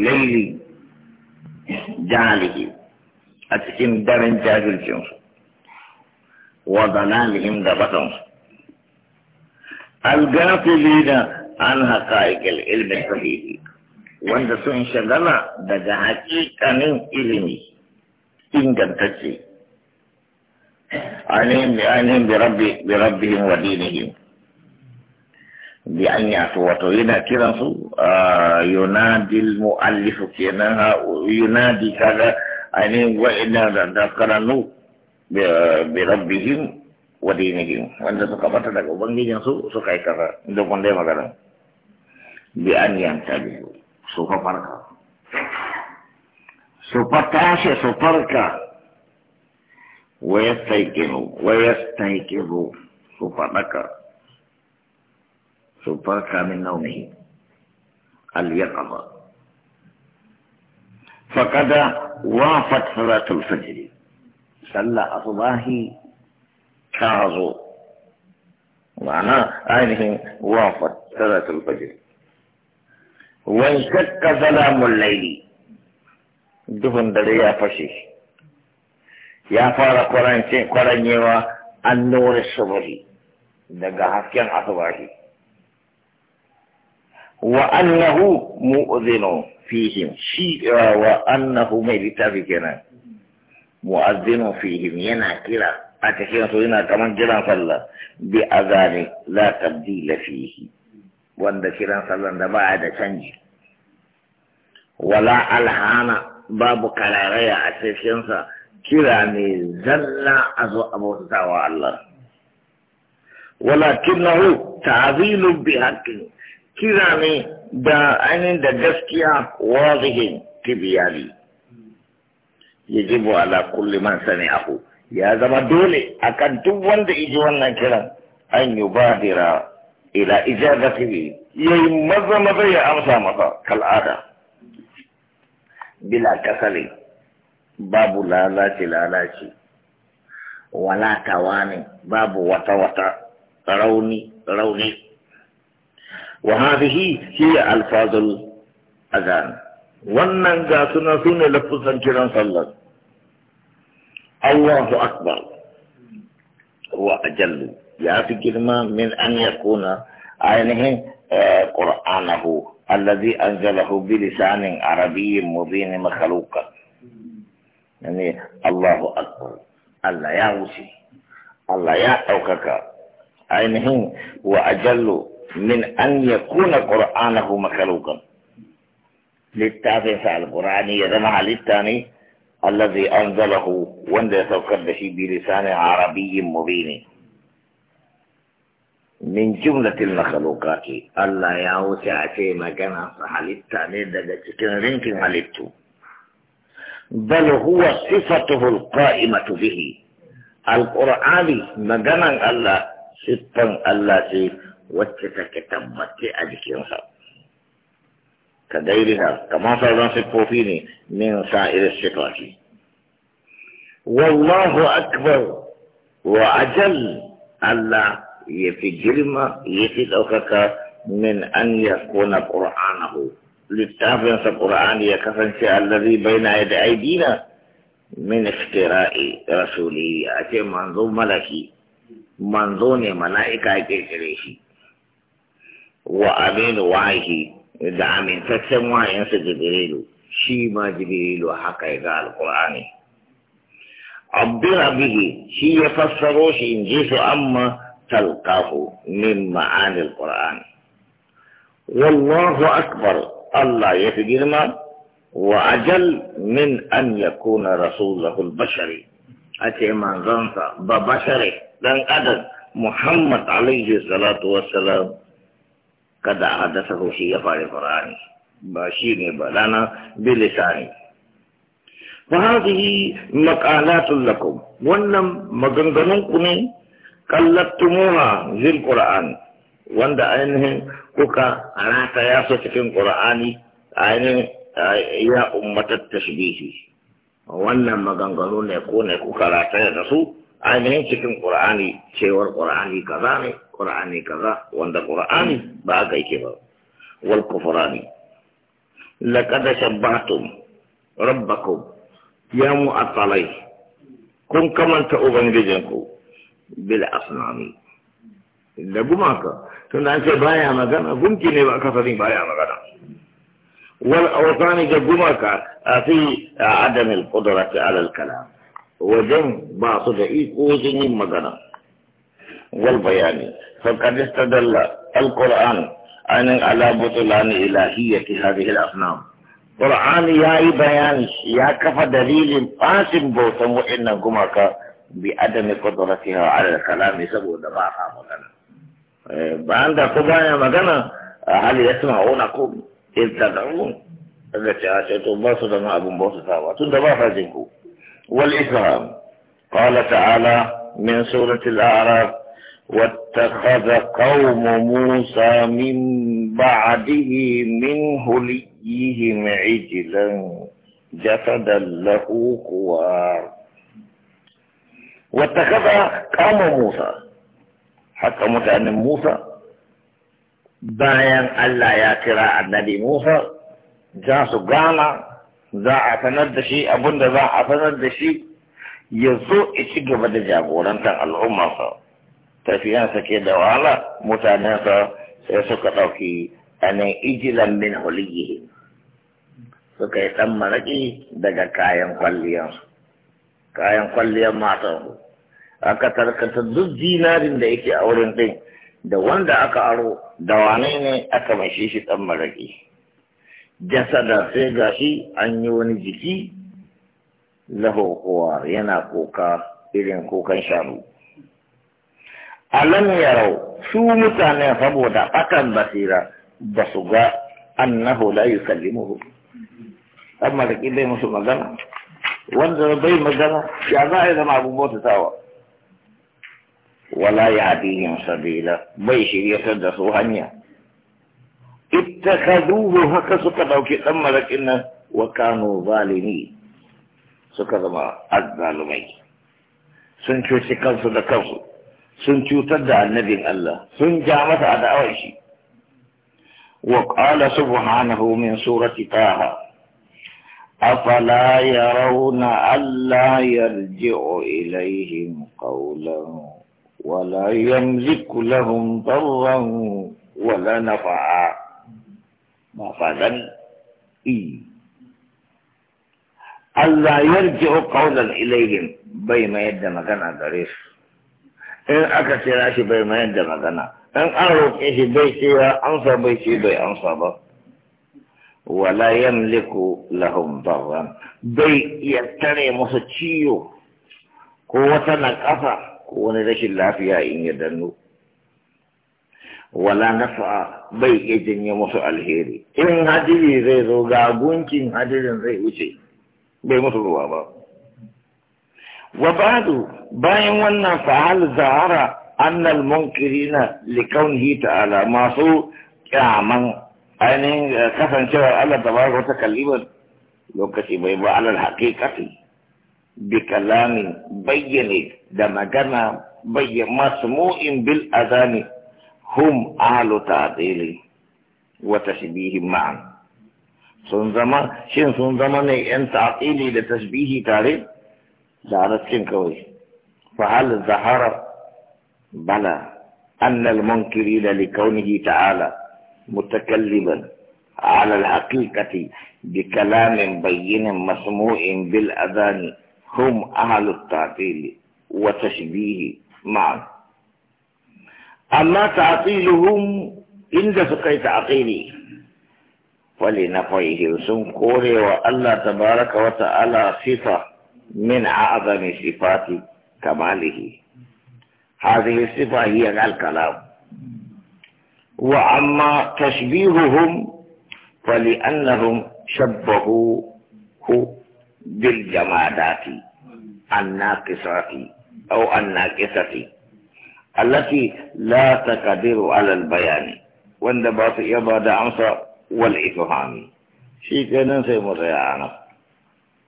الليل جعله الحمد من جاهز الجنس وضلالهم دبتهم الغافلين عن حقائق العلم الصحيح وانت سو ان شاء الله دجا حقيقة من علمي ان قد عليهم بربهم ودينهم bi'anya to wato yana kiran su ah, yunadil mu'allifu kenan ha yunadi kaga ainihin ah, wa'ina da dakaranu bi rabbihim wa dinihim wanda suka bata daga ubangijin su suka yi kaza da kun dai magana bi an yanta bi su fa farka su fa tashi su farka سفرك من نومه اليقظة فقد وافت صلاة الفجر صلى أصباه كاظو معنى عينه وافت صلاة الفجر وانشق ظلام الليل دهن دريا فشي يا فارق قرآن قرآن يوا النور الصبري دقا حسكين أصباهي وأنه مؤذن فيهم شيء آه، وأنه ميت كنا مؤذن فيهم ينا كلا سوينا كمان جرا صلى بأذان لا تبديل فيه وأن كلا صلى بعد تنجي ولا ألحان باب كلاغية أتكينا كلا نزل أزو أبو سوى الله ولكنه تعظيم بحقه kira ne da ainihin da gaskiya wazihin tibiyali ya jibo ala kulli man sani ahu ya zama dole akan duk wanda iji wannan kiran an yi bahira ila ijazatihi yayi maza maza ya amsa masa kal'ada bila kasali babu lalace lalace wala tawani babu wata wata rauni rauni وهذه هي الفاظ الاذان وننجا سنسون لفظا كرا صلى الله اكبر هو اجل يا فكر ما من ان يكون عينه آه، قرانه الذي انزله بلسان عربي مبين مخلوقا يعني الله اكبر الله يا وسي الله يا أوكاكا عينه هو اجل من أن يكون قرآنه مخلوقا للتافه على القرآن يزمع للتاني الذي أنزله وند يتوكد بلسان عربي مبين من جملة المخلوقات الله يوسع كان مكان للتاني ندد تكررين رنك حليته بل هو صفته القائمة به القرآن مدنا الله صفا الله wacce take tabbace a jikinsa ka gairina kamar sauran siffofi ne min sa'ir sifati wallahu akbar wa ajal Allah ya fi girma ya fi ɗaukaka min an ya kona ƙur'anahu littafinsa ƙur'ani ya kasance allazi baina ya da aidina min iftira'i rasuli a ce manzo malaki manzo ne mala'ika ya ƙirƙire shi wa aminu wahi da amintaccen wayansa jibrilu shi ma jibrilu haka ya ga alkur'ani abdira bihi shi ya fassaro shi in ji su amma talqahu min ma'anil qur'an wallahu akbar Allah ya fi girma wa ajal min an yakuna rasulahu al-bashari ace manzansa ba bashare dan adam Muhammad alaihi salatu wassalam kada a haddasa shi ya fara Qur'ani ba shi ne ba lana bilisani fa hadhihi maqalatun lakum wannan maganganun ku ne kallatumuha zil Qur'an wanda ainihin eh, kuka rata ya so cikin Qur'ani ainihin ya ummatat tashbihi wannan maganganu ne ko ne kuka rata da su عين من يمسكم قرآني شور قرآني كذاني قرآني كذا وان ده قرآني باقي كبه والكفراني لقد شبهتم ربكم يا مؤطلي كن كمان تأوبن بجنكو بلا أصنامي إلا بماك تند أنت بايا مغانا بمكي نبع كفرين بايا مغانا والأوطاني جبماك في عدم القدرة على الكلام wajen ba su da iko yin magana wal bayani faqad istadalla al-qur'an anan ala butulan ilahiyyati hadhihi al-asnam ya yi bayani ya kafa dalilin fasin bautan wa'annan gumaka bi adami qudratiha ala al-kalami saboda ba ka magana eh, bayan da ku baya magana hal yasma'una ku izzadun daga cewa sai to ba su da abun bautatawa tun da ba fa jin ku والإكرام قال تعالى من سورة الأعراف واتخذ قوم موسى من بعده من هليهم عجلا جسدا له خوار واتخذ قوم موسى حتى متأن موسى بايا ألا يا كراء النبي موسى جاسو قانا za a sanar da shi abin da za a sanar da shi ya zo a ci gaba da jagorantar al'ummarsa tafiyansa ke da wahala mutanensa sai suka ɗauki anan ijilan min huliyihi suka yi ɗan maraƙi daga kayan kwalliyansu kayan kwalliyan matansu aka tarkata duk dinarin da yake a wurin ɗin da wanda aka aro da wane ne aka mashi shi ɗan maraƙi jasada sai gashi an yi wani jiki lahu yana kuka irin kukan shanu alam yarau su mutane saboda akan basira ba su ga annahu la yusallimuhu amma da bai musu magana wanda bai magana ya za a yi zama abubuwa ta tawa wala ya adihin sabila bai shiryatar da su hanya اتخذوه هكا سكتوكي ثم لكن وكانوا ظالمين سكتما الظالمين سنشو سكنسو دكنسو سنشو تدعى النبي الله سنجامت على شيء وقال سبحانه من سورة طه أفلا يرون ألا يرجع إليهم قولا ولا يملك لهم ضرا ولا نفعا ba fa gani i Allah yarji'u qawlan ilayhim bai mayar da magana gare su in aka kira shi bai mayar da magana in an roƙe shi bai ce ya amsa bai ce bai amsa ba wala yamliku lahum darran bai iya tare musu ciwo ko wata na ƙasa ko wani rashin lafiya in ya danno wala nafa bai iya janye musu alheri in hadiri zai zo ga gunkin hadirin zai wuce bai musu ruwa ba wa ba'du bayan wannan fahal zahara annal munkirina likaunihi ta'ala masu kyaman ainihin eh, kasancewar Allah da tabaraka wata kalimar lokaci bai ba alal haƙiƙati bi kalamin bayyane da magana bayyana mu'in bil azami هم أهل تعطيل وتشبيه معا سنزما شن سنزما إيه؟ أن تعطيلي لتشبيه تاري دارت شن كوي فهل ظهر بلى أن المنكرين لكونه تعالى متكلما على الحقيقة بكلام بين مسموع بالأذان هم أهل التعطيل وتشبيه معا أما تعطيلهم إن سكي فلنفعه ولنقيه سنكوري والله تبارك وتعالى صفة من أعظم صفات كماله هذه الصفة هي الكلام وأما تشبيههم فلأنهم شبهوه بالجمادات الناقصات أو الناقصة التي لا تقدر على البيان وان يبعد يبادى أمسى والإفهام شيء كان سيمر يا عنف